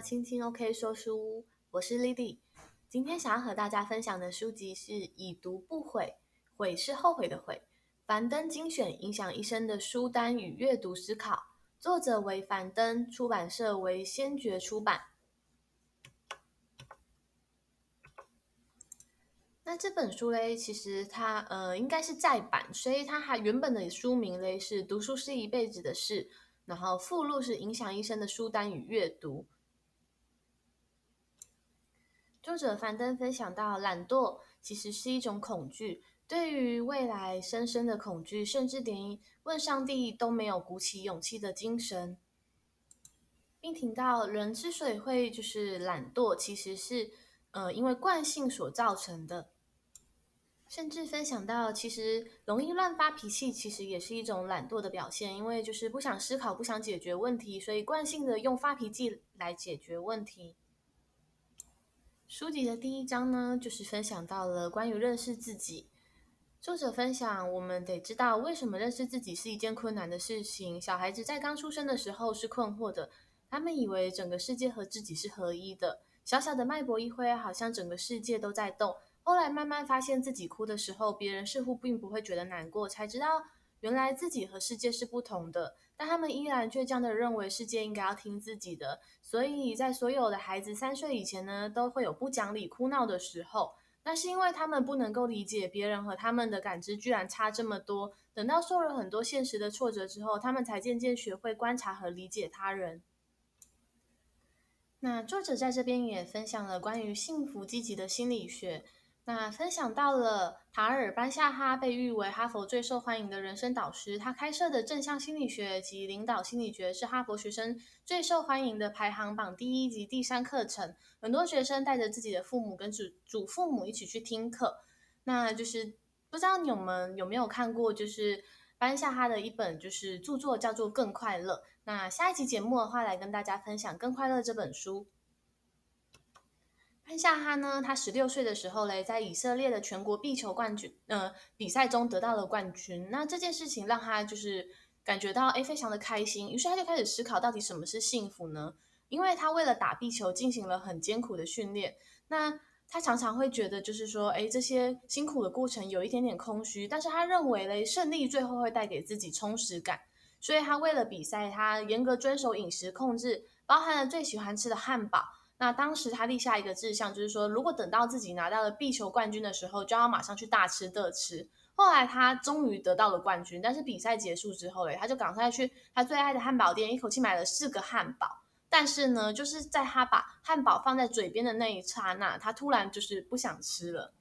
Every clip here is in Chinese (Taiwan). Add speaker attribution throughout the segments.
Speaker 1: 青青 OK 說書屋，我是 Lily。今天想要和大家分享的書籍是《已讀不悔》，悔是後悔的悔。樊登精選影響一生的書單與閱讀思考，作者為樊登，出版社為先覺出版。那這本書嘞，其實它呃應該是再版，所以它還原本的書名嘞是《讀書是一輩子的事》，然後附錄是影響一生的書單與閱讀。作者樊登分享到，懶惰其實是一種恐懼，對於未來深深的恐懼，甚至連問上帝都沒有鼓起勇氣的精神。並提到，人之所以會就是懶惰，其實是呃因為慣性所造成的。甚至分享到，其實容易亂發脾氣，其實也是一種懶惰的表現，因為就是不想思考，不想解決問題，所以慣性的用發脾氣來解決問題。書籍的第一章呢，就是分享到了關於認識自己。作者分享，我們得知道為什麼認識自己是一件困難的事情。小孩子在剛出生的時候是困惑的，他們以為整個世界和自己是合一的。小小的脈搏一揮，好像整個世界都在動。後來慢慢發現自己哭的時候，別人似乎並不會覺得難過，才知道。原來自己和世界是不同的，但他們依然倔強的認為世界應該要聽自己的。所以在所有的孩子三歲以前呢，都會有不講理哭鬧的時候，那是因為他們不能夠理解別人和他們的感知居然差這麼多。等到受了很多現實的挫折之後，他們才漸漸學會觀察和理解他人。那作者在這邊也分享了關於幸福積極的心理學。那分享到了塔爾班夏哈，被譽為哈佛最受歡迎的人生導師，他開設的正向心理學及領導心理學是哈佛學生最受歡迎的排行榜第一及第三課程。很多學生帶着自己的父母跟祖祖父母一起去聽課。那就是不知道你們有沒有看過，就是班夏哈的一本就是著作叫做《更快樂》。那下一集節目的話，來跟大家分享《更快樂》這本書。看一下他呢，他十六歲的時候嘞，在以色列的全國壁球冠軍呃比賽中得到了冠軍。那這件事情讓他就是感覺到誒非常的開心，於是他就開始思考到底什麼是幸福呢？因為他為了打壁球進行了很艱苦的訓練，那他常常會覺得就是說誒這些辛苦的過程有一點點空虛，但是他認為嘞，勝利最後會帶給自己充實感，所以他為了比賽，他嚴格遵守飲食控制，包含了最喜歡吃的漢堡。那當時他立下一個志向，就是說，如果等到自己拿到了壁球冠軍的時候，就要馬上去大吃特吃。後來他終於得到了冠軍，但是比賽結束之後，他就趕快去他最愛的漢堡店，一口氣買了四個漢堡。但是呢，就是在他把漢堡放在嘴邊的那一剎那，他突然就是不想吃了。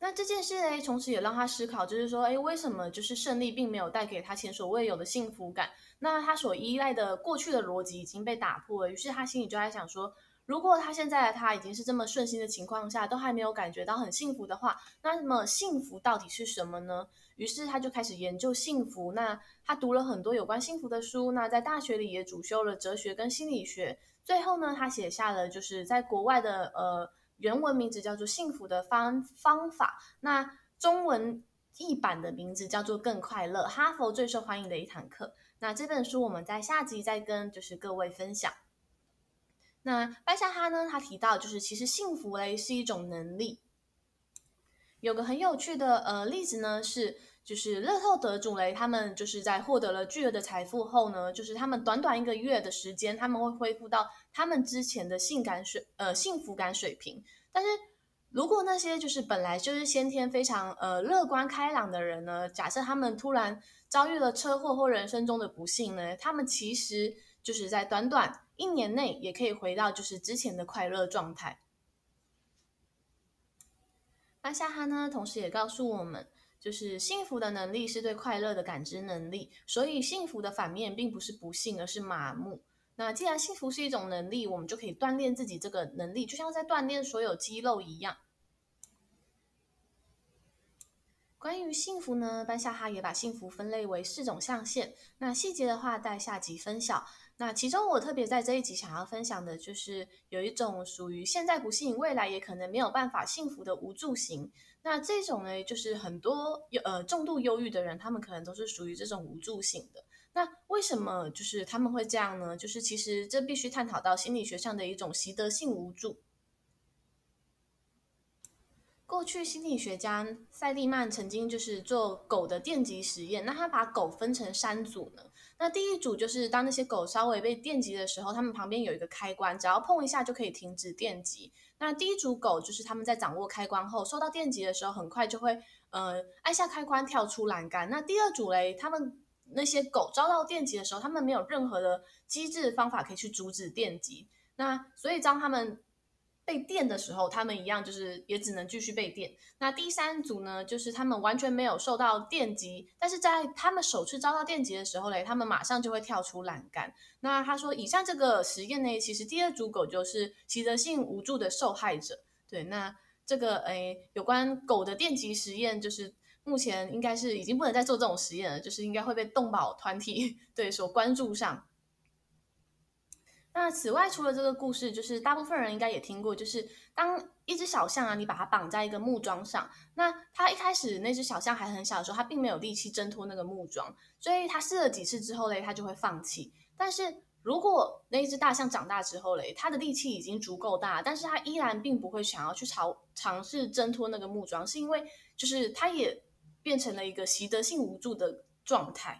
Speaker 1: 那這件事呢，從此也讓他思考，就是說，誒，為什麼就是勝利並沒有帶給他前所未有的幸福感？那他所依賴的過去的邏輯已經被打破了，於是他心裡就在想說，如果他現在的他已經是這麼順心的情況下，都還沒有感覺到很幸福的話，那麼幸福到底是什麼呢？於是他就開始研究幸福。那他讀了很多有關幸福的書，那在大學裡也主修了哲學跟心理學。最後呢，他寫下了就是在國外的呃，原文名字叫做《幸福的方方法》，那中文，一版的名字叫做《更快樂》，哈佛最受歡迎的一堂課。那這本書我們在下集再跟就是各位分享。那班夏哈呢？他提到就是其實幸福嘞是一種能力。有個很有趣的呃例子呢是，就是樂透得主雷他們就是在獲得了巨額的財富後呢，就是他們短短一個月的時間，他們會恢復到他們之前的性感水呃幸福感水平，但是。如果那些就是本來就是先天非常呃樂觀開朗的人呢，假設他們突然遭遇了車禍或人生中的不幸呢，他們其實就是在短短一年內也可以回到就是之前的快樂狀態。那夏哈呢，同時也告訴我們，就是幸福的能力是對快樂的感知能力，所以幸福的反面並不是不幸，而是麻木。那既然幸福是一種能力，我們就可以鍛鍊自己這個能力，就像在鍛鍊所有肌肉一樣。關於幸福呢，班夏哈也把幸福分類為四種象限。那細節的話，在下集分享。那其中我特別在這一集想要分享的就是有一種屬於現在不幸福，未來也可能沒有辦法幸福的無助型。那這種呢，就是很多呃重度憂鬱的人，他們可能都是屬於這種無助型的。那為什麼就是他們會這樣呢？就是其實這必須探討到心理學上的一種習得性無助。過去心理學家塞利曼曾經就是做狗的電擊實驗，那他把狗分成三組呢，那第一組就是當那些狗稍微被電擊的時候，它們旁邊有一個開關，只要碰一下就可以停止電擊。那第一組狗就是他們在掌握開關後，受到電擊的時候，很快就會呃按下開關，跳出欄杆。那第二組嘞，他們那些狗遭到電擊的時候，他們沒有任何的機制方法可以去阻止電擊。那所以當他們被電的時候，他們一樣就是也只能繼續被電。那第三組呢，就是他們完全沒有受到電擊，但是在他們首次遭到電擊的時候嘞，他們馬上就會跳出欄杆。那他說，以上這個實驗呢，其實第二組狗就是習得性無助的受害者。對，那這個誒、欸、有關狗的電擊實驗就是。目前應該是已經不能再做這種實驗了，就是應該會被動保團體對所關注上。那此外，除了這個故事，就是大部分人應該也聽過，就是當一隻小象啊，你把它綁在一個木樁上，那它一開始那隻小象還很小的時候，它並沒有力氣掙脫那個木樁，所以它試了幾次之後嘞，它就會放棄。但是如果那隻大象長大之後嘞，它的力氣已經足夠大，但是它依然並不會想要去嘗嘗試掙脫那個木樁，是因為就是它也。變成了一個習得性無助的狀態。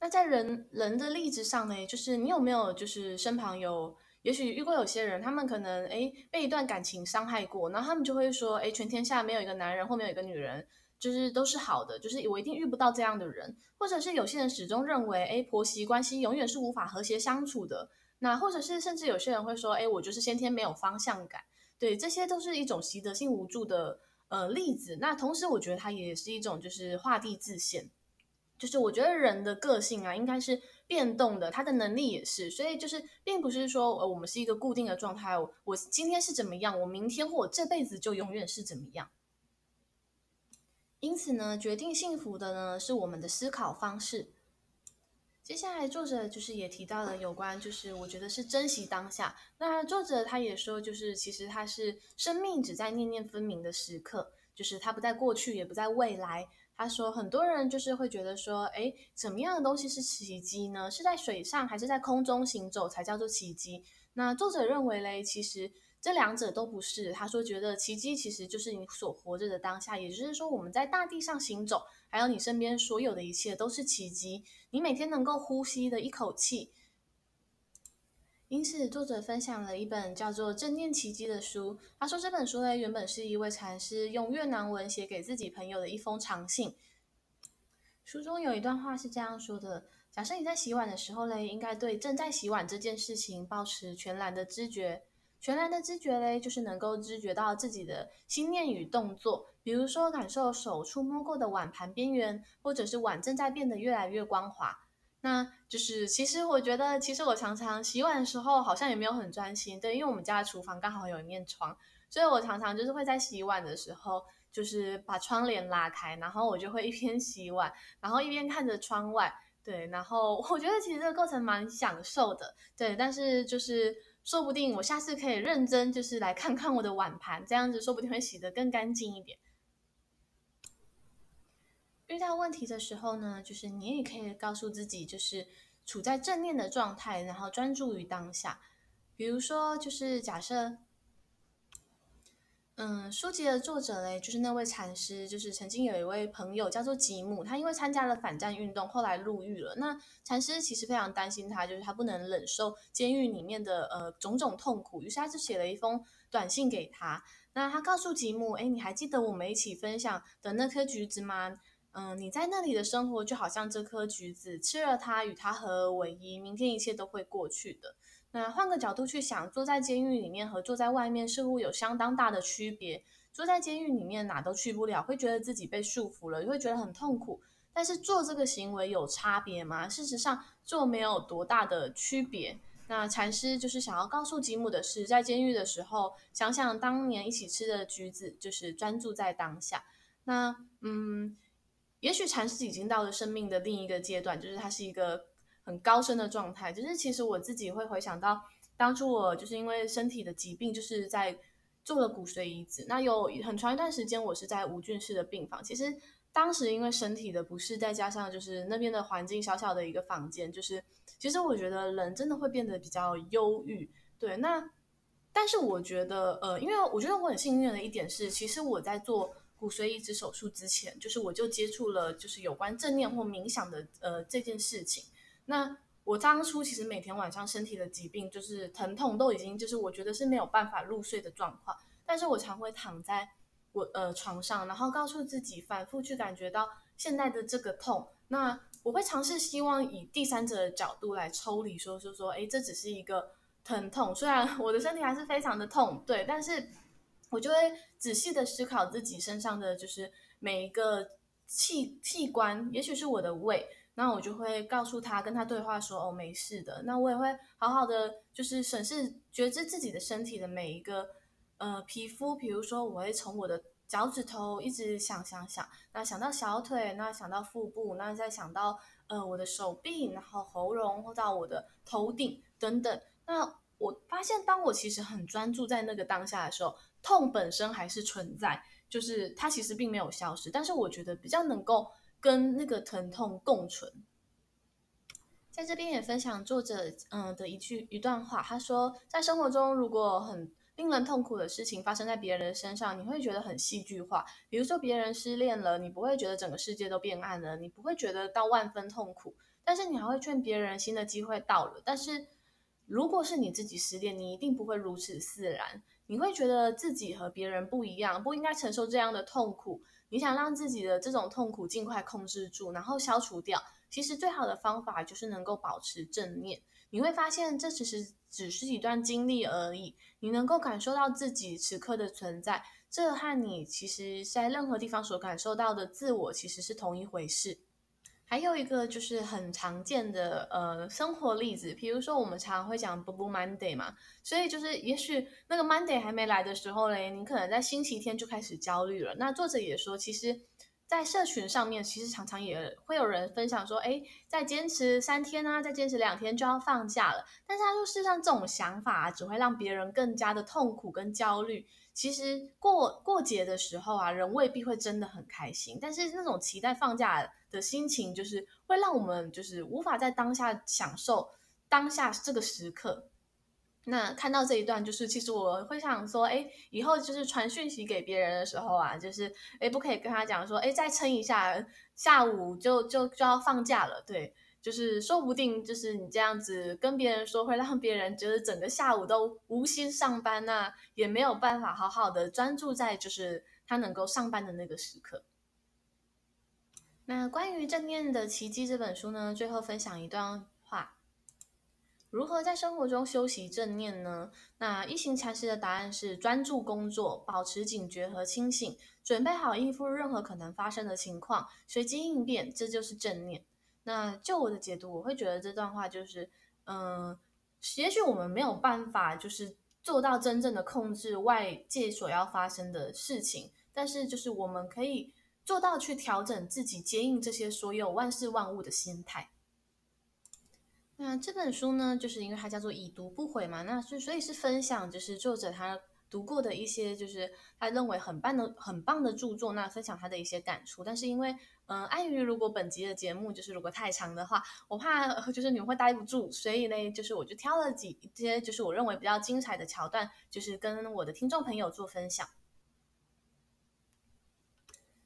Speaker 1: 那在人人的例子上呢，就是你有沒有就是身旁有也許遇過有些人，他們可能誒、欸、被一段感情傷害過，然後他們就會說哎、欸、全天下沒有一個男人或沒有一個女人，就是都是好的，就是我一定遇不到這樣的人，或者是有些人始終認為哎、欸、婆媳關係永遠是無法和諧相處的，那或者是甚至有些人會說哎、欸、我就是先天沒有方向感，對，這些都是一種習得性無助的。呃，例子，那同時我覺得它也是一種就是畫地自限，就是我覺得人的個性啊，應該是變動的，他的能力也是，所以就是並不是說、呃、我們是一個固定的狀態，我，我今天是怎麼樣，我明天或我這輩子就永遠是怎麼樣。因此呢，決定幸福的呢，是我們的思考方式。接下來，作者就是也提到了有關，就是我覺得是珍惜當下。那作者他也說，就是其實他是生命只在念念分明的時刻，就是他不在過去，也不在未來。他說，很多人就是會覺得說，誒，怎麼樣的東西是奇蹟呢？是在水上還是在空中行走才叫做奇蹟？那作者認為嘞，其實這兩者都不是。他說，覺得奇蹟其實就是你所活着的當下，也就是說，我們在大地上行走，還有你身邊所有的一切都是奇蹟。你每天能夠呼吸的一口氣。因此，作者分享了一本叫做《正念奇蹟》的書。他說，這本書嘞原本是一位禪師用越南文寫給自己朋友的一封長信。書中有一段話是這樣說的：假設你在洗碗的時候嘞，應該對正在洗碗這件事情保持全然的知覺。全然的知覺嘞，就是能夠知覺到自己的心念與動作。比如說，感受手觸摸過的碗盤邊緣，或者是碗正在變得越來越光滑，那就是其實我覺得，其實我常常洗碗的時候好像也沒有很專心，對，因為我們家的廚房剛好有一面窗，所以我常常就是會在洗碗的時候，就是把窗簾拉開，然後我就會一邊洗碗，然後一邊看着窗外，對，然後我覺得其實這個過程蠻享受的，對，但是就是說不定我下次可以認真，就是來看看我的碗盤，這樣子說不定會洗得更乾淨一點。遇到問題的時候呢，就是你也可以告訴自己，就是處在正念的狀態，然後專注於當下。比如說，就是假設，嗯，書籍的作者嘞，就是那位禪師，就是曾經有一位朋友叫做吉姆，他因為參加了反戰運動，後來入獄了。那禪師其實非常擔心他，就是他不能忍受監獄裡面的呃種種痛苦，於是他就寫了一封短信給他。那他告訴吉姆，哎，你還記得我們一起分享的那顆橘子嗎？嗯，你在那裡的生活就好像這顆橘子，吃了它與它合而為一，明天一切都會過去的。那換個角度去想，坐在監獄裡面和坐在外面似乎有相當大的區別。坐在監獄裡面哪都去不了，會覺得自己被束縛了，會覺得很痛苦。但是做這個行為有差別嗎？事實上，做沒有多大的區別。那禪師就是想要告訴吉姆的是，在監獄的時候，想想當年一起吃的橘子，就是專注在當下。那嗯。也許禪師已經到了生命的另一個階段，就是他是一個很高深的狀態。就是其實我自己會回想到當初我就是因為身體的疾病，就是在做了骨髓移植。那有很長一段時間我是在無菌室的病房。其實當時因為身體的不適，再加上就是那邊的環境，小小的一個房間，就是其實我覺得人真的會變得比較憂鬱。對，那但是我覺得，呃，因為我覺得我很幸運的一點是，其實我在做。骨髓移植手術之前，就是我就接觸了，就是有關正念或冥想的，呃，這件事情。那我當初其實每天晚上身體的疾病，就是疼痛都已經，就是我覺得是沒有辦法入睡的狀況。但是我常會躺在我呃床上，然後告訴自己，反覆去感覺到現在的這個痛。那我會嘗試希望以第三者的角度來抽離，說說說，誒，這只是一個疼痛，雖然我的身體還是非常的痛，對，但是。我就會仔細的思考自己身上的，就是每一個器器官，也許是我的胃，那我就會告訴他，跟他對話說，哦，沒事的。那我也會好好的，就是審視、覺知自己的身體的每一個，呃，皮膚。比如說，我會從我的腳趾頭一直想想想，那想到小腿，那想到腹部，那再想到呃我的手臂，然後喉嚨，或者到我的頭頂等等。那我發現，當我其實很專注在那個當下的時候。痛本身還是存在，就是它其實並沒有消失，但是我覺得比較能夠跟那個疼痛共存。在這邊也分享作者嗯的一句一段話，他說，在生活中，如果很令人痛苦的事情發生在別人的身上，你會覺得很戲劇化。比如說別人失戀了，你不會覺得整個世界都變暗了，你不會覺得到萬分痛苦，但是你還會勸別人新的機會到了。但是如果是你自己失戀，你一定不會如此自然。你會覺得自己和別人不一樣，不應該承受這樣的痛苦。你想讓自己的這種痛苦盡快控制住，然後消除掉。其實最好的方法就是能夠保持正念。你會發現，這其實只是一段經歷而已。你能夠感受到自己此刻的存在，這和你其實在任何地方所感受到的自我其實是同一回事。還有一個就是很常見的呃生活例子，比如說我們常常會講 Blue Monday 嘛，所以就是也許那個 Monday 還沒來的時候嘞，你可能在星期天就開始焦慮了。那作者也說，其實，在社群上面，其實常常也會有人分享說，哎，再堅持三天啊，再堅持兩天就要放假了。但是他說，事實上這種想法啊，只會讓別人更加的痛苦跟焦慮。其實過過節的時候啊，人未必會真的很開心，但是那種期待放假的心情，就是會讓我們就是無法在當下享受當下這個時刻。那看到這一段，就是其實我會想說，哎，以後就是傳訊息給別人的時候啊，就是哎，不可以跟他講說，哎，再撐一下，下午就就就要放假了，對。就是說不定，就是你這樣子跟別人說，會讓別人覺得整個下午都無心上班，那、啊、也沒有辦法好好的專注在就是他能夠上班的那個時刻。那關於正念的奇蹟這本書呢，最後分享一段話：如何在生活中修習正念呢？那一行禪師的答案是：專注工作，保持警覺和清醒，準備好應付任何可能發生的情況，隨機應變，這就是正念。那就我的解讀，我會覺得這段話就是，嗯、呃，也許我們沒有辦法就是做到真正的控制外界所要發生的事情，但是就是我們可以做到去調整自己接應這些所有萬事萬物的心態。那這本書呢，就是因為它叫做“已讀不悔”嘛，那是所以是分享，就是作者他讀過的一些，就是他認為很棒的很棒的著作，那分享他的一些感觸，但是因為。嗯，礙於如果本集的節目就是如果太長的話，我怕就是你們會待不住，所以呢，就是我就挑了幾些就是我認為比較精彩的橋段，就是跟我的聽眾朋友做分享。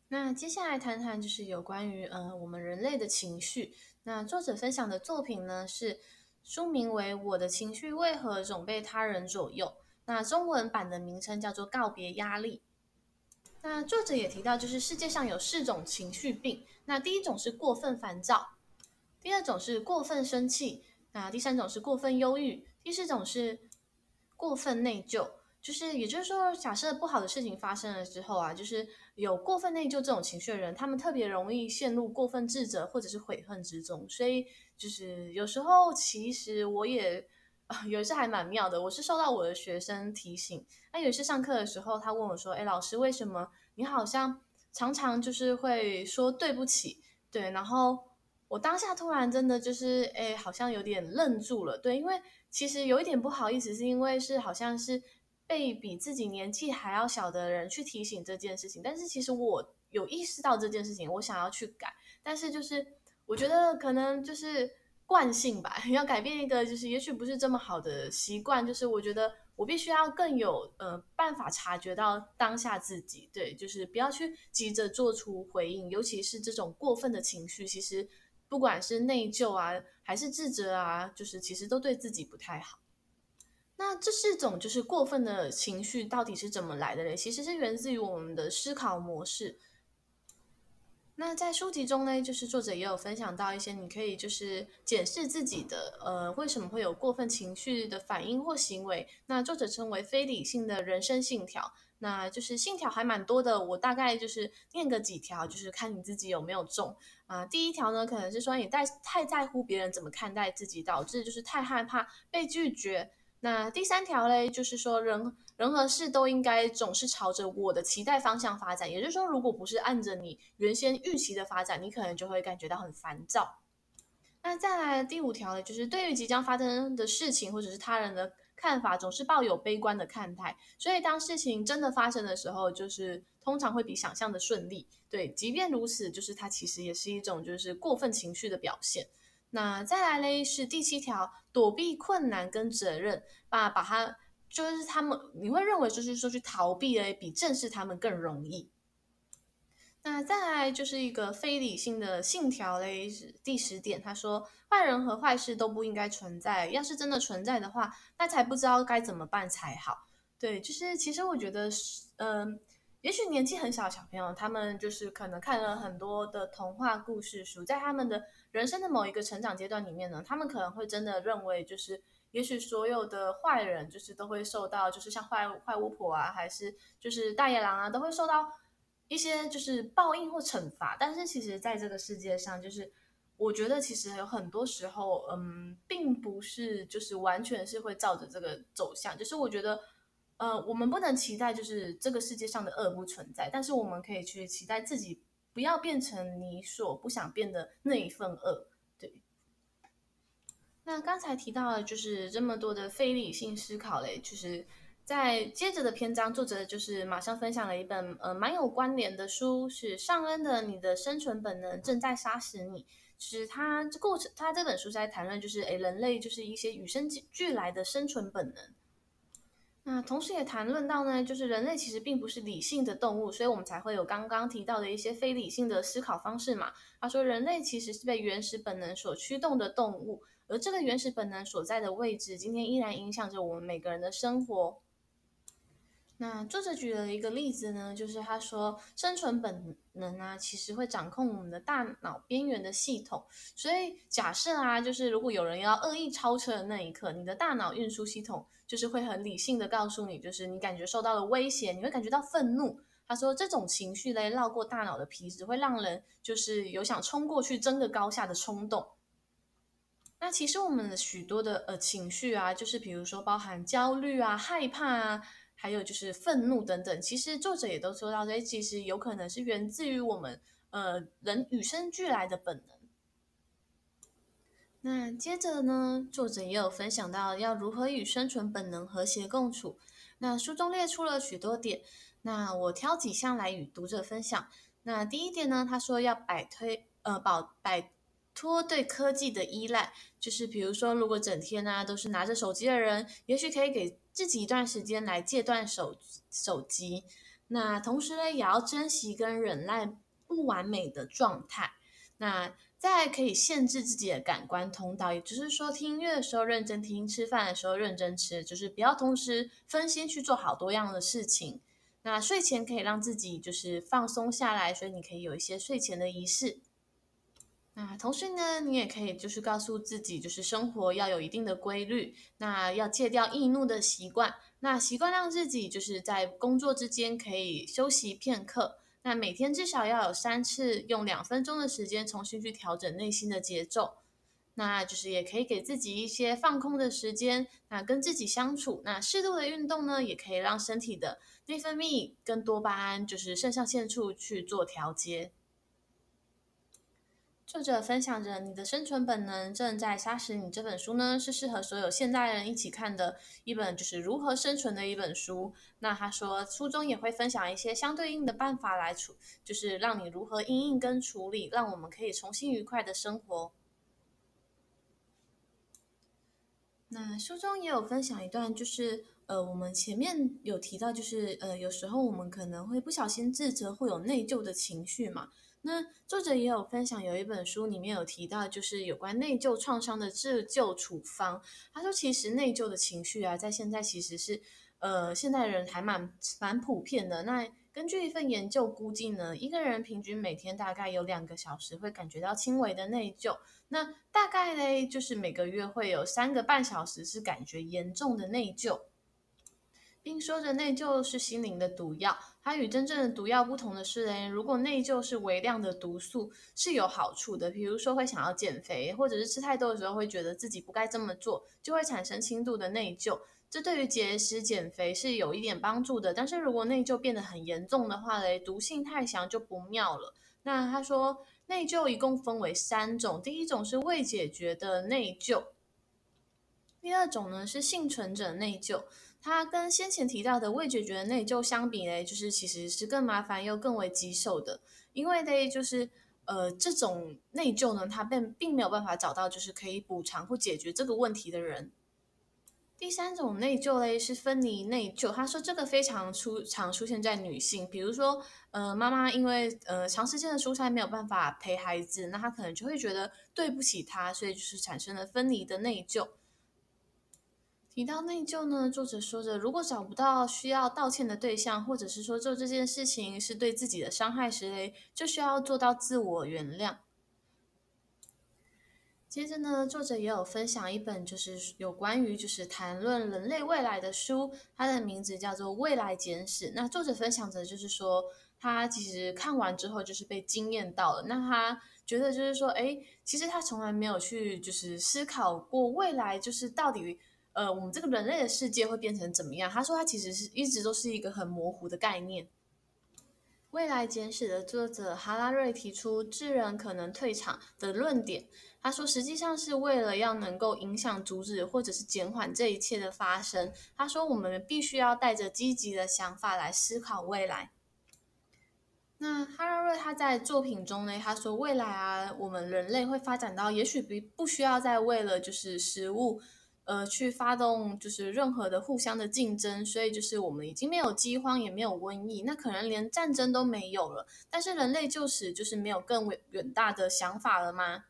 Speaker 1: 那接下來談談就是有關於嗯、呃、我們人類的情緒。那作者分享的作品呢是書名為《我的情緒為何總被他人左右》，那中文版的名稱叫做《告別壓力》。那作者也提到，就是世界上有四種情緒病。那第一種是過分煩躁，第二種是過分生氣，那第三種是過分憂鬱，第四種是過分內疚。就是也就是說，假設不好的事情發生了之後啊，就是有過分內疚這種情緒的人，他們特別容易陷入過分自責或者是悔恨之中。所以就是有時候，其實我也。啊，有一次還蠻妙的，我是受到我的學生提醒。那有一次上課的時候，他問我說：“誒，老師，為什麼你好像常常就是會說對不起？”對，然後我當下突然真的就是，誒，好像有點愣住了。對，因為其實有一點不好意思，是因為是好像是被比自己年紀還要小的人去提醒這件事情。但是其實我有意識到這件事情，我想要去改。但是就是我覺得可能就是。慣性吧，要改變一個就是，也許不是這麼好的習慣，就是我覺得我必須要更有呃辦法察覺到當下自己，對，就是不要去急着做出回應，尤其是這種過分的情緒，其實不管是內疚啊還是自責啊，就是其實都對自己不太好。那這是一種就是過分的情緒到底是怎麼來的嘞？其實是源自於我們的思考模式。那在書籍中呢，就是作者也有分享到一些你可以就是檢視自己的，呃，為什麼會有過分情緒的反應或行為？那作者稱為非理性的人生信條，那就是信條還蠻多的，我大概就是念個幾條，就是看你自己有沒有中啊。第一條呢，可能是說你太太在乎別人怎麼看待自己，導致就是太害怕被拒絕。那第三條嘞，就是說人。人和事都應該總是朝着我的期待方向發展，也就是說，如果不是按着你原先預期的發展，你可能就會感覺到很煩躁。那再來第五條呢，就是對於即將發生的事情或者是他人的看法，總是抱有悲觀的看待。所以當事情真的發生的時候，就是通常會比想象的順利。對，即便如此，就是它其實也是一種就是過分情緒的表現。那再來嘞是第七條，躲避困難跟責任，把把它。就是他們，你會認為就是說去逃避的比正視他們更容易。那再來就是一個非理性的信條嘞，是第十點。他說，壞人和壞事都不應該存在，要是真的存在的話，那才不知道該怎麼辦才好。對，就是其實我覺得是，嗯、呃，也許年紀很小的小朋友，他們就是可能看了很多的童話故事書，在他們的人生的某一個成長階段裡面呢，他們可能會真的認為就是。也許所有的壞人就是都會受到，就是像壞壞巫婆啊，還是就是大野狼啊，都會受到一些就是報應或懲罰。但是其實在這個世界上，就是我覺得其實有很多時候，嗯，並不是就是完全是會照着這個走向。就是我覺得，呃，我們不能期待就是這個世界上的惡不存在，但是我們可以去期待自己不要變成你所不想變的那一份惡。那剛才提到了，就是這麼多的非理性思考嘞，就是在接着的篇章，作者就是馬上分享了一本呃蠻有關聯的書，是尚恩的《你的生存本能正在殺死你》。其實他這故事，他這本書在談論就是誒人類就是一些與生俱來的生存本能。那同時也談論到呢，就是人類其實並不是理性的動物，所以我們才會有剛剛提到的一些非理性的思考方式嘛。他說人類其實是被原始本能所驅動的動物。而這個原始本能所在的位置，今天依然影響着我們每個人的生活。那作者舉了一個例子呢，就是他說，生存本能啊，其實會掌控我們的大腦邊緣的系統。所以假設啊，就是如果有人要惡意超車的那一刻，你的大腦運輸系統就是會很理性的告訴你，就是你感覺受到了威脅，你會感覺到憤怒。他說，這種情緒嘞，繞過大腦的皮質，會讓人就是有想衝過去爭個高下的衝動。那其實我們的許多的呃情緒啊，就是比如說包含焦慮啊、害怕啊，還有就是憤怒等等。其實作者也都說到，這其實有可能是源自於我們呃人與生俱來的本能。那接着呢，作者也有分享到要如何與生存本能和諧共處。那書中列出了許多點，那我挑幾項來與讀者分享。那第一點呢，他說要擺推呃保擺。脫對科技的依賴，就是比如說，如果整天呢、啊、都是拿着手機的人，也許可以給自己一段時間來戒斷手手機。那同時呢，也要珍惜跟忍耐不完美的狀態。那再可以限制自己的感官通道，也就是說，聽音樂的時候認真聽，吃飯的時候認真吃，就是不要同時分心去做好多樣的事情。那睡前可以讓自己就是放鬆下來，所以你可以有一些睡前的儀式。那同時呢，你也可以就是告訴自己，就是生活要有一定的規律，那要戒掉易怒的習慣，那習慣讓自己就是在工作之間可以休息片刻，那每天至少要有三次用兩分鐘的時間重新去調整內心的節奏，那就是也可以給自己一些放空的時間，那跟自己相處，那適度的運動呢，也可以讓身體的內分泌跟多巴胺就是腎上腺素去做調節。作者分享着你的生存本能正在殺死你這本書呢，是適合所有現代人一起看的一本，就是如何生存的一本書。那他說，書中也會分享一些相對應的辦法來處，就是讓你如何因應跟處理，讓我們可以重新愉快的生活。那書中也有分享一段，就是呃，我們前面有提到，就是呃，有時候我們可能會不小心自責，會有內疚的情緒嘛。那作者也有分享，有一本書裡面有提到，就是有關內疚創傷的自救處方。他說，其實內疚的情緒啊，在現在其實是，呃，現代人還蠻蠻普遍的。那根據一份研究估計呢，一個人平均每天大概有兩個小時會感覺到輕微的內疚，那大概勒，就是每個月會有三個半小時是感覺嚴重的內疚。並說着，內疚是心靈的毒藥。它與真正的毒藥不同的是嘞，如果內疚是微量的毒素，是有好處的。比如說，會想要減肥，或者是吃太多的時候，會覺得自己不該這麼做，就會產生輕度的內疚。這對於節食減肥是有一點幫助的。但是如果內疚變得很嚴重的話，嘞，毒性太強就不妙了。那他說，內疚一共分為三種，第一種是未解決的內疚。第二種呢是幸存者內疚，它跟先前提到的未解決的內疚相比呢，就是其實是更麻煩又更為棘手的，因為呢，就是呃這種內疚呢，他並並沒有辦法找到就是可以補償或解決這個問題的人。第三種內疚呢是分離內疚，他說這個非常出常出現在女性，比如說呃媽媽因為呃長時間的出差沒有辦法陪孩子，那她可能就會覺得對不起她，所以就是產生了分離的內疚。提到內疚呢，作者說着：“如果找不到需要道歉的對象，或者是說做這件事情是對自己的傷害時，就需要做到自我原諒。”接着呢，作者也有分享一本就是有關於就是談論人類未來的書，它的名字叫做《未來簡史》。那作者分享着就是說，他其實看完之後就是被驚艷到了。那他覺得就是說，誒，其實他從來沒有去就是思考過未來就是到底。呃，我們這個人類的世界會變成怎麼樣？他說，他其實是一直都是一個很模糊的概念。未來簡史的作者哈拉瑞提出智人可能退場的論點。他說，實際上是為了要能夠影響、阻止或者是減緩這一切的發生。他說，我們必須要帶着積極的想法來思考未來。那哈拉瑞他在作品中呢，他說未來啊，我們人類會發展到也許不不需要再為了就是食物。呃，去發動就是任何的互相的競爭，所以就是我們已經沒有饑荒，也沒有瘟疫，那可能連戰爭都沒有了。但是人類就是就是沒有更遠大的想法了嗎？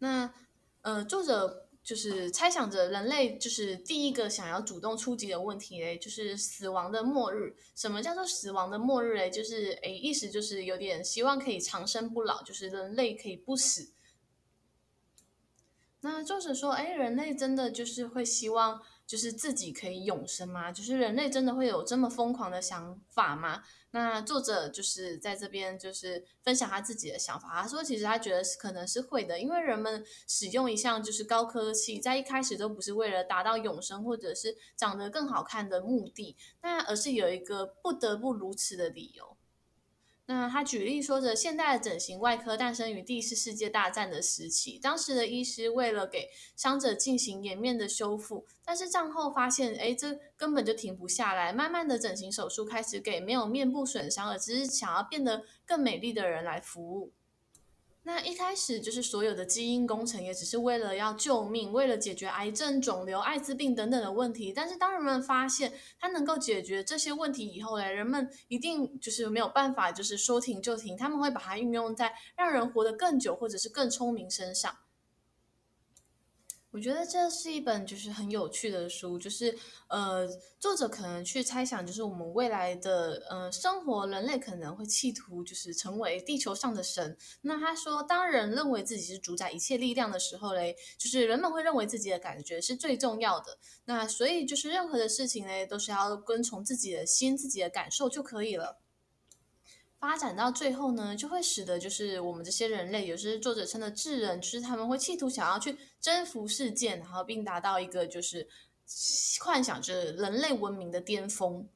Speaker 1: 那呃，作者就是猜想着人類就是第一個想要主動出擊的問題嘞，就是死亡的末日。什麼叫做死亡的末日嘞？就是誒，意思就是有點希望可以長生不老，就是人類可以不死。那作者說，哎，人類真的就是會希望就是自己可以永生嗎？就是人類真的會有這麼瘋狂的想法嗎？那作者就是在這邊就是分享他自己的想法，他說其實他覺得是可能是會的，因為人們使用一項就是高科技，在一開始都不是為了達到永生或者是長得更好看的目的，那而是有一個不得不如此的理由。那他舉例說着，現代的整形外科誕生於第一次世界大戰的時期，當時的醫師為了給傷者進行顏面的修復，但是戰後發現，哎，這根本就停不下來，慢慢的整形手術開始給沒有面部損傷，而只是想要變得更美麗的人來服務。那一開始就是所有的基因工程也只是為了要救命，為了解決癌症、腫瘤、艾滋病等等的問題，但是當人們發現它能夠解決這些問題以後呢，人們一定就是沒有辦法，就是說停就停，他們會把它運用在讓人活得更久或者是更聰明身上。我覺得這是一本就是很有趣的書，就是呃，作者可能去猜想，就是我們未來的呃生活，人類可能會企圖就是成為地球上的神。那他說，當人認為自己是主宰一切力量的時候嘞，就是人們會認為自己的感覺是最重要的。那所以就是任何的事情嘞，都是要跟從自己的心、自己的感受就可以了。發展到最後呢，就會使得就是我們這些人類，有些作者稱的智人，就是他們會企圖想要去征服世界，然後並達到一個就是幻想着人類文明的巔峰。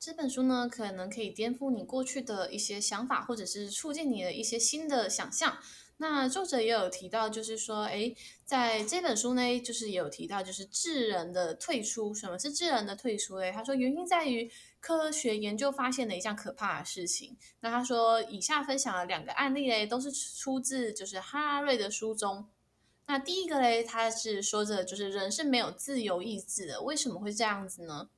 Speaker 1: 這本書呢，可能可以顛覆你過去的一些想法，或者是促進你的一些新的想象。那作者也有提到，就是說，哎，在這本書呢，就是也有提到就是智人的退出，什麼是智人的退出嘞？他說原因在於科學研究發現了一項可怕的事情。那他說以下分享的兩個案例嘞，都是出自就是哈拉瑞的書中。那第一個嘞，他是說着就是人是沒有自由意志的，為什麼會這樣子呢？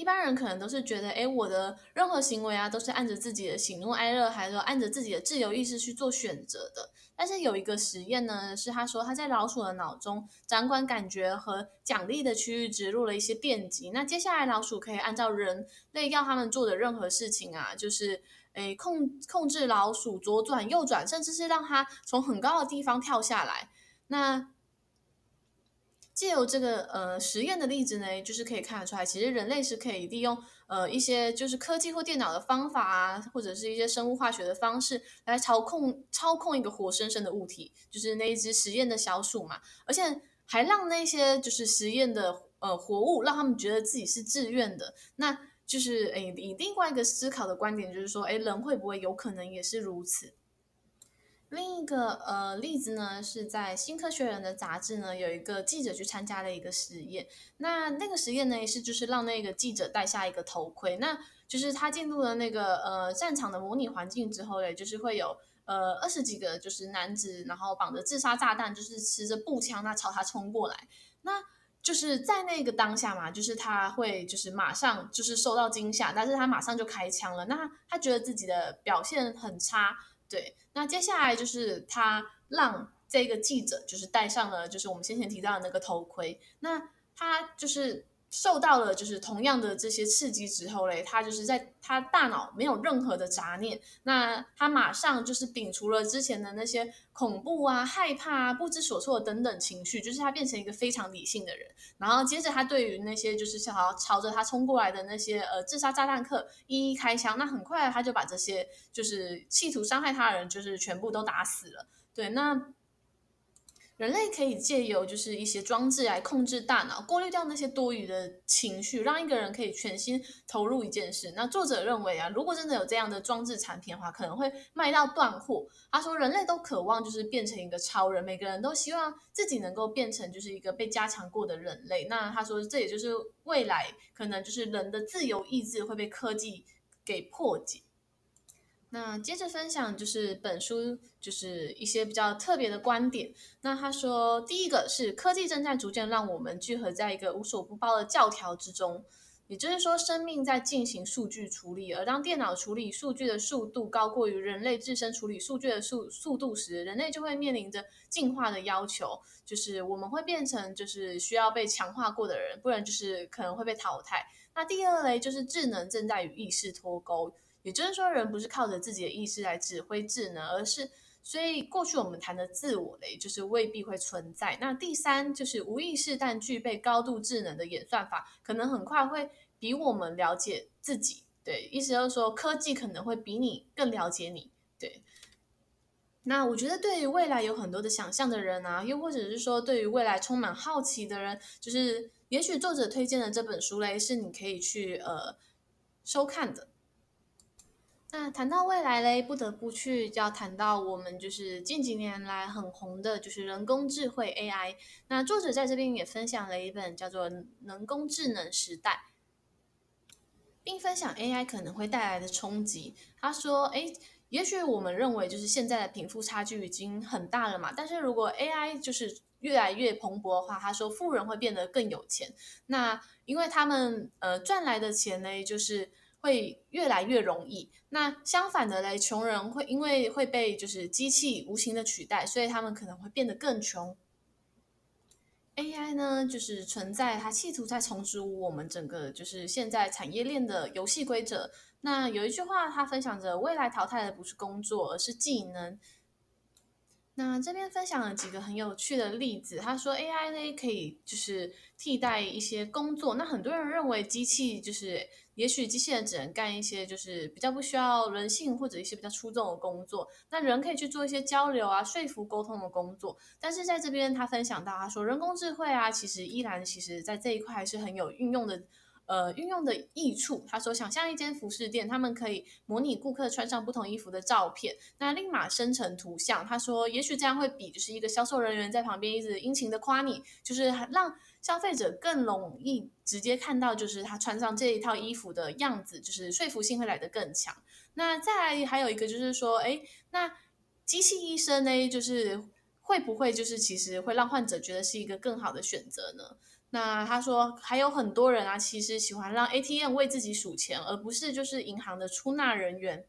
Speaker 1: 一般人可能都是覺得，誒、欸，我的任何行為啊，都是按着自己的喜怒哀樂，還是說按着自己的自由意識去做選擇的。但是有一個實驗呢，是他說他在老鼠的腦中掌管感覺和獎勵的區域植入了一些電極，那接下來老鼠可以按照人類要他們做的任何事情啊，就是，誒、欸，控控制老鼠左轉右轉，甚至是讓它從很高的地方跳下來。那借由這個呃實驗的例子呢，就是可以看得出來，其實人類是可以利用呃一些就是科技或電腦的方法啊，或者是一些生物化學的方式來操控操控一個活生生的物體，就是那一隻實驗的小鼠嘛，而且還讓那些就是實驗的呃活物，讓他們覺得自己是自願的。那就是誒以另外一個思考的觀點，就是說，誒，人會不會有可能也是如此？另一個呃例子呢，是在《新科學人》的雜誌呢，有一個記者去參加了一個實驗。那那個實驗呢，也是就是讓那個記者戴下一個頭盔，那就是他進入了那個呃戰場的模擬環境之後呢，就是會有呃二十幾個就是男子，然後綁着自殺炸彈，就是持着步槍那朝他衝過來。那就是在那個當下嘛，就是他會就是馬上就是受到驚嚇，但是他馬上就開槍了。那他覺得自己的表現很差。對，那接下來就是他讓這個記者就是戴上了，就是我們先前提到的那個頭盔，那他就是。受到了就是同樣的這些刺激之後嘞，他就是在他大腦沒有任何的雜念，那他馬上就是摒除了之前的那些恐怖啊、害怕啊、不知所措等等情緒，就是他變成一個非常理性的人。然後接着他對於那些就是想要朝着他衝過來的那些呃自殺炸彈客一一開槍，那很快他就把這些就是企圖傷害他的人就是全部都打死了。對，那。人類可以借由就是一些裝置來控制大腦，過濾掉那些多餘的情緒，讓一個人可以全心投入一件事。那作者認為啊，如果真的有這樣的裝置產品的話，可能會賣到斷貨。他說，人類都渴望就是變成一個超人，每個人都希望自己能夠變成就是一個被加強過的人類。那他說，這也就是未來可能就是人的自由意志會被科技給破解。那接着分享就是本書就是一些比較特別的觀點。那他說，第一個是科技正在逐漸讓我們聚合在一個無所不包的教條之中，也就是說，生命在進行數據處理，而當電腦處理數據的速度高過於人類自身處理數據的速速度時，人類就會面臨着進化的要求，就是我們會變成就是需要被強化過的人，不然就是可能會被淘汰。那第二類就是智能正在與意識脫鈎。也就是說，人不是靠着自己的意識來指揮智能，而是所以過去我們談的自我嘞，就是未必會存在。那第三就是無意識但具備高度智能的演算法，可能很快會比我們了解自己。對，意思就是說科技可能會比你更了解你。對，那我覺得對於未來有很多的想象的人啊，又或者是說對於未來充滿好奇的人，就是也許作者推薦的這本書嘞，是你可以去呃收看的。那談到未來嘞，不得不去就要談到我們就是近幾年來很紅的，就是人工智慧 AI。那作者在這邊也分享了一本叫做《人工智能時代》，並分享 AI 可能會帶來的衝擊。他說：“哎，也許我們認為就是現在的貧富差距已經很大了嘛，但是如果 AI 就是越來越蓬勃的話，他說富人會變得更有錢，那因為他們呃賺來的錢呢，就是。”會越來越容易。那相反的嘞，窮人會因為會被就是機器無情的取代，所以他們可能會變得更窮。AI 呢，就是存在，它企圖在重組我們整個就是現在產業鏈的遊戲規則。那有一句話，他分享着：未來淘汰的不是工作，而是技能。那這邊分享了幾個很有趣的例子，他說 AI 呢，可以就是替代一些工作，那很多人認為機器就是，也許機器人只能幹一些就是比較不需要人性或者一些比較出眾的工作，那人可以去做一些交流啊、說服、溝通的工作，但是在這邊他分享到，他說人工智慧啊，其實依然其實在這一塊是很有運用的。呃，運用的益處，他說，想象一間服飾店，他們可以模擬顧客穿上不同衣服的照片，那立馬生成圖像。他說，也許這樣會比就是一個銷售人員在旁邊一直殷勤地誇你，就是讓消費者更容易直接看到，就是他穿上這一套衣服的樣子，就是說服性會來得更強。那再來還有一個就是說，哎，那機器醫生呢，就是會不會就是其實會讓患者覺得是一個更好的選擇呢？那他說，還有很多人啊，其實喜歡讓 ATM 為自己數錢，而不是就是銀行的出納人員。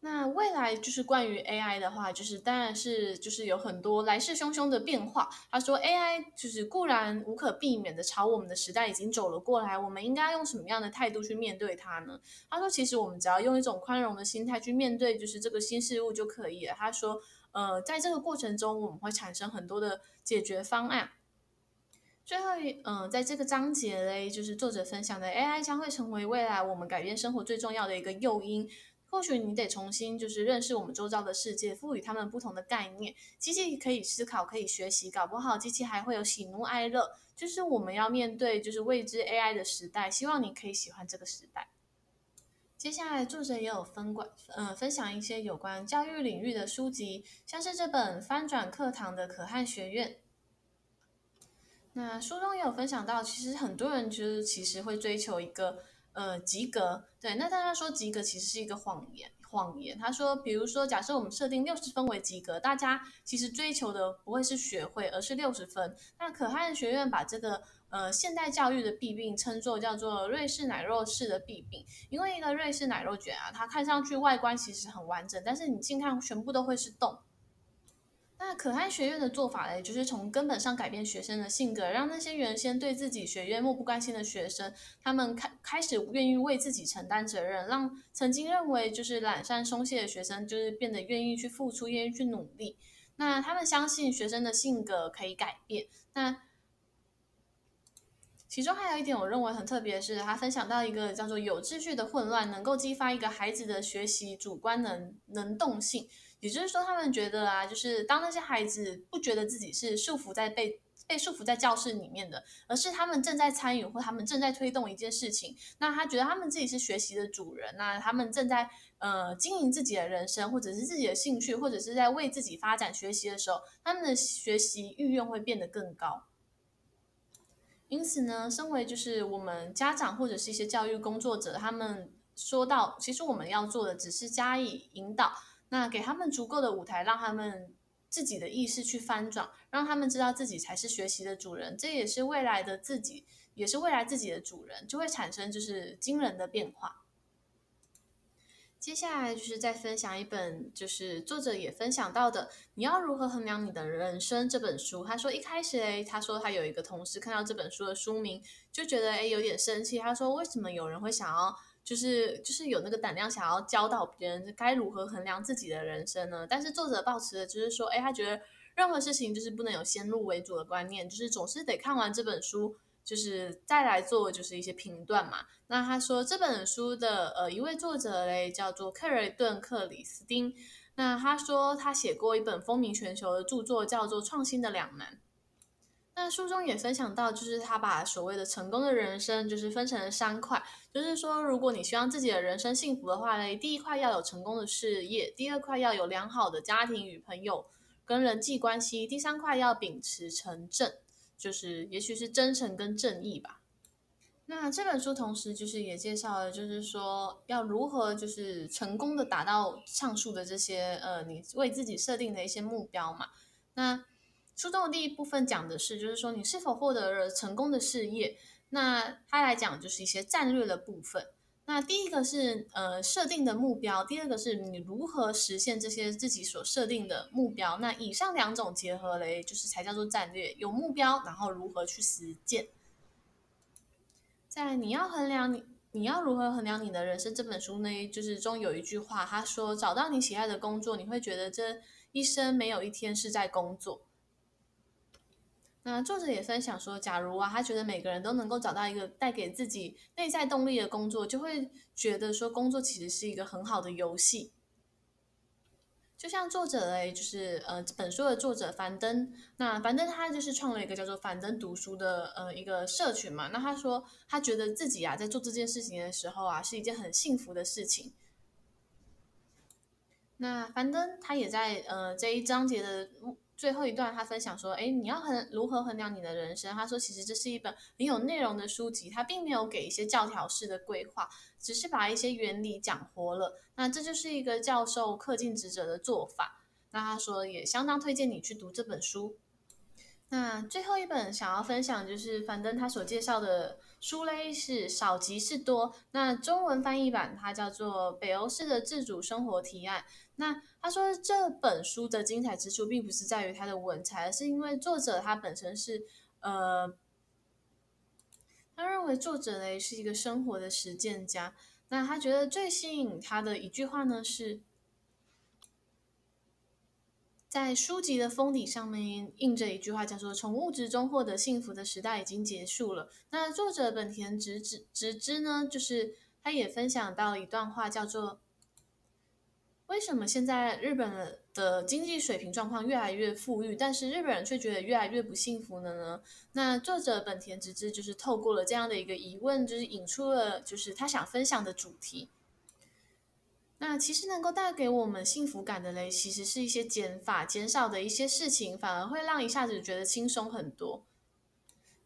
Speaker 1: 那未來就是關於 AI 的話，就是當然是就是有很多來勢洶洶的變化。他說 AI 就是固然無可避免的朝我們的時代已經走了過來，我們應該用什麼樣的態度去面對它呢？他說，其實我們只要用一種寬容的心態去面對，就是這個新事物就可以了。他說，呃，在這個過程中，我們會產生很多的解決方案。最後一，嗯，在這個章節嘞，就是作者分享的 AI 將會成為未來我們改變生活最重要的一個誘因。或許你得重新就是認識我們周遭的世界，賦予他們不同的概念。機器可以思考，可以學習，搞不好機器還會有喜怒哀樂。就是我們要面對就是未知 AI 的時代，希望你可以喜歡這個時代。接下來，作者也有分管，嗯、呃，分享一些有關教育領域的書籍，像是這本翻轉課堂的可汗學院。那書中也有分享到，其實很多人就是其實會追求一個呃及格，對。那大家說及格其實是一個謊言，謊言。他說，比如說假設我們設定六十分為及格，大家其實追求的不會是學會，而是六十分。那可汗學院把這個呃現代教育的弊病稱作叫做瑞士奶酪式的弊病，因為一個瑞士奶酪卷啊，它看上去外觀其實很完整，但是你近看全部都會是洞。那可汗學院的做法呢，就是從根本上改變學生的性格，讓那些原先對自己學院漠不關心的學生，他們開開始願意為自己承擔責任，讓曾經認為就是懶散鬆懈的學生，就是變得願意去付出，願意去努力。那他們相信學生的性格可以改變。那其中還有一點，我認為很特別是，是他分享到一個叫做“有秩序的混亂”，能夠激發一個孩子的學習主觀能能動性。也就是說，他們覺得啊，就是當那些孩子不覺得自己是束縛在被被束縛在教室裡面的，而是他們正在參與或他們正在推動一件事情，那他覺得他們自己是學習的主人，那他們正在呃經營自己的人生，或者是自己的興趣，或者是在為自己發展學習的時候，他們的學習意願會變得更高。因此呢，身為就是我們家長或者是一些教育工作者，他們說到，其實我們要做的只是加以引導。那給他們足夠的舞台，讓他們自己的意識去翻轉，讓他們知道自己才是學習的主人，這也是未來的自己，也是未來自己的主人，就會產生就是驚人的變化。接下來就是再分享一本，就是作者也分享到的《你要如何衡量你的人生》這本書。他說一開始，哎，他說他有一個同事看到這本書的書名，就覺得誒，哎，有點生氣。他說為什麼有人會想要？就是就是有那個膽量想要教導別人該如何衡量自己的人生呢？但是作者抱持的就是說，哎，他覺得任何事情就是不能有先入為主的觀念，就是總是得看完這本書，就是再來做就是一些評斷嘛。那他說這本書的呃一位作者嘞，叫做克瑞頓克里斯汀，那他說他寫過一本風靡全球的著作叫做《創新的兩難》。那書中也分享到，就是他把所謂的成功的人生，就是分成了三塊，就是說，如果你希望自己的人生幸福的話呢，第一塊要有成功的事業，第二塊要有良好的家庭與朋友跟人際關係，第三塊要秉持誠正，就是也許是真誠跟正義吧。那這本書同時就是也介紹了，就是說要如何就是成功的達到上述的這些呃，你為自己設定的一些目標嘛。那。書中的第一部分講的是，就是說你是否獲得了成功的事業。那他來講就是一些戰略的部分。那第一個是呃設定的目標，第二個是你如何實現這些自己所設定的目標。那以上兩種結合嘞，就是才叫做戰略，有目標，然後如何去實踐。在你要衡量你，你要如何衡量你的人生這本書呢，就是中有一句話，他說，找到你喜愛的工作，你會覺得這一生沒有一天是在工作。那作者也分享說，假如啊，他覺得每個人都能夠找到一個帶給自己內在動力的工作，就會覺得說，工作其實是一個很好的遊戲。就像作者嘞，就是呃，這本書的作者樊登，那樊登他就是創了一個叫做“樊登讀書”的呃一個社群嘛。那他說，他覺得自己啊，在做這件事情的時候啊，是一件很幸福的事情。那樊登他也在呃這一章節的。最後一段，他分享說：“誒，你要衡如何衡量你的人生？”他說：“其實這是一本很有內容的書籍，他並沒有給一些教條式的規劃，只是把一些原理講活了。那這就是一個教授恪盡職責的做法。那他說也相當推薦你去讀這本書。那最後一本想要分享就是樊登他所介紹的。”書嘞，是少即是多，那中文翻譯版它叫做《北歐式的自主生活提案》。那他說這本書的精彩之處，並不是在於它的文采，而是因為作者他本身是呃，他認為作者嘞，是一個生活的實踐家。那他覺得最吸引他的一句話呢是，在書籍的封底上面印着一句話，叫做“從物質中獲得幸福的時代已經結束了”。那作者本田直之直之呢，就是他也分享到一段話，叫做“為什麼現在日本的經濟水平狀況越來越富裕，但是日本人卻覺得越來越不幸福了呢？”那作者本田直之就是透過了這樣的一個疑問，就是引出了就是他想分享的主題。那其實能夠帶給我們幸福感的嘞，其實是一些減法，減少的一些事情，反而會讓一下子覺得輕鬆很多。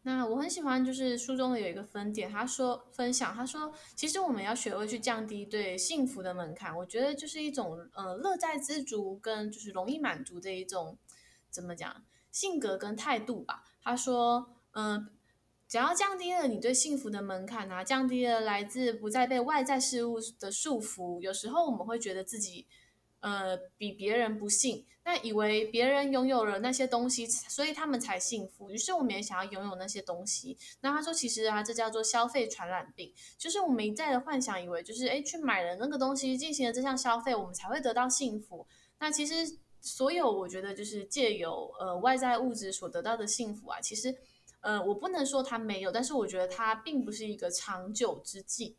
Speaker 1: 那我很喜歡，就是書中的有一個分點，他說分享，他說其實我們要學會去降低對幸福的門檻。我覺得就是一種，呃，樂在知足跟就是容易滿足的一種，怎麼講，性格跟態度吧。他說，嗯、呃。只要降低了你對幸福的門檻啊，降低了來自不再被外在事物的束縛。有時候我們會覺得自己，呃，比別人不幸，但以為別人擁有了那些東西，所以他們才幸福，於是我們也想要擁有那些東西。那他說，其實啊，這叫做消費傳染病，就是我們一再的幻想，以為就是誒去買了那個東西，進行了這項消費，我們才會得到幸福。那其實所有我覺得就是借由呃外在物質所得到的幸福啊，其實。呃，我不能說它沒有，但是我覺得它並不是一個長久之計。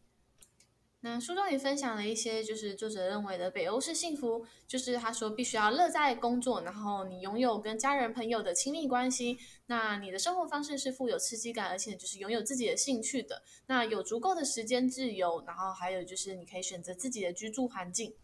Speaker 1: 那書中也分享了一些，就是作者認為的北歐式幸福，就是他說必須要樂在工作，然後你擁有跟家人朋友的親密關係，那你的生活方式是富有刺激感，而且就是擁有自己的興趣的，那有足夠的時間自由，然後還有就是你可以選擇自己的居住環境。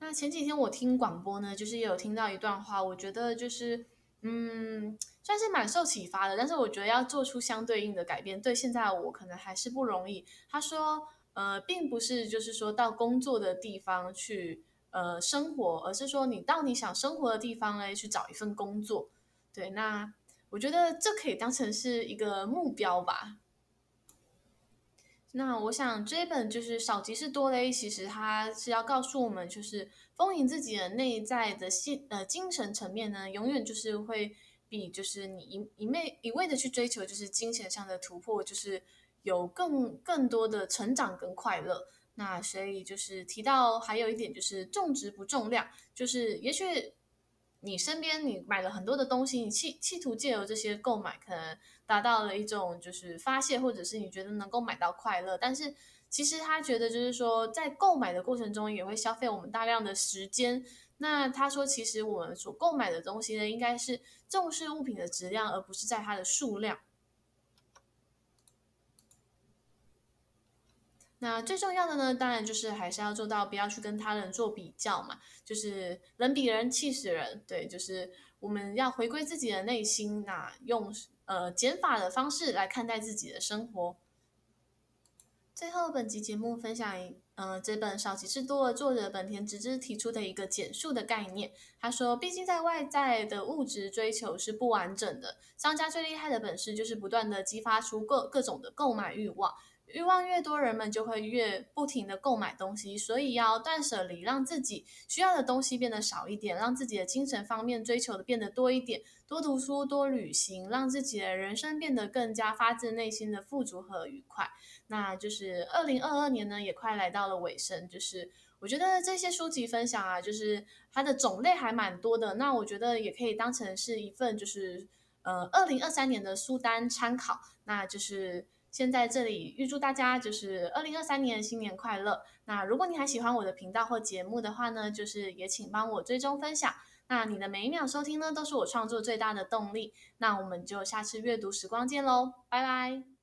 Speaker 1: 那前幾天我聽廣播呢，就是也有聽到一段話，我覺得就是。嗯，算是蠻受啟發的，但是我覺得要做出相對應的改變，對，現在我可能還是不容易。他說，呃，並不是就是說到工作的地方去，呃，生活，而是說你到你想生活的地方呢，去找一份工作。對，那我覺得這可以當成是一個目標吧。那我想，這一本就是少即是多嘞。其實它是要告訴我們，就是豐盈自己的內在的心，呃，精神層面呢，永遠就是會比就是你一一味一味的去追求就是金錢上的突破，就是有更更多的成長跟快樂。那所以就是提到還有一點就是重質不重量，就是也許你身邊你買了很多的東西，你企企圖借由這些購買可能。達到了一種就是發洩，或者是你覺得能夠買到快樂，但是其實他覺得就是說，在購買的過程中也會消費我們大量的時間。那他說，其實我們所購買的東西呢，應該是重視物品的質量，而不是在它的數量。那最重要的呢，當然就是還是要做到不要去跟他人做比較嘛，就是人比人氣死人，對，就是我們要回歸自己的內心，啊，那用呃減法的方式來看待自己的生活。最後，本集節目分享一嗯，呃，這本《少即是多》作者本田直之提出的一個減數的概念。他說，畢竟在外在的物質追求是不完整的，商家最厲害的本事就是不斷的激發出各各種的購買欲望。欲望越多，人們就會越不停的購買東西，所以要斷捨離，讓自己需要的東西變得少一點，讓自己的精神方面追求的變得多一點。多讀書，多旅行，讓自己的人生變得更加發自內心的富足和愉快。那就是二零二二年呢，也快來到了尾聲。就是我覺得這些書籍分享啊，就是它的種類還蠻多的。那我覺得也可以當成是一份就是呃二零二三年的書單參考。那就是。先在這裡預祝大家就是二零二三年新年快樂。那如果你還喜歡我的頻道或節目的話呢，就是也請幫我追蹤分享。那你的每一秒收聽呢，都是我創作最大的動力。那我們就下次閱讀時光見嘍，拜拜。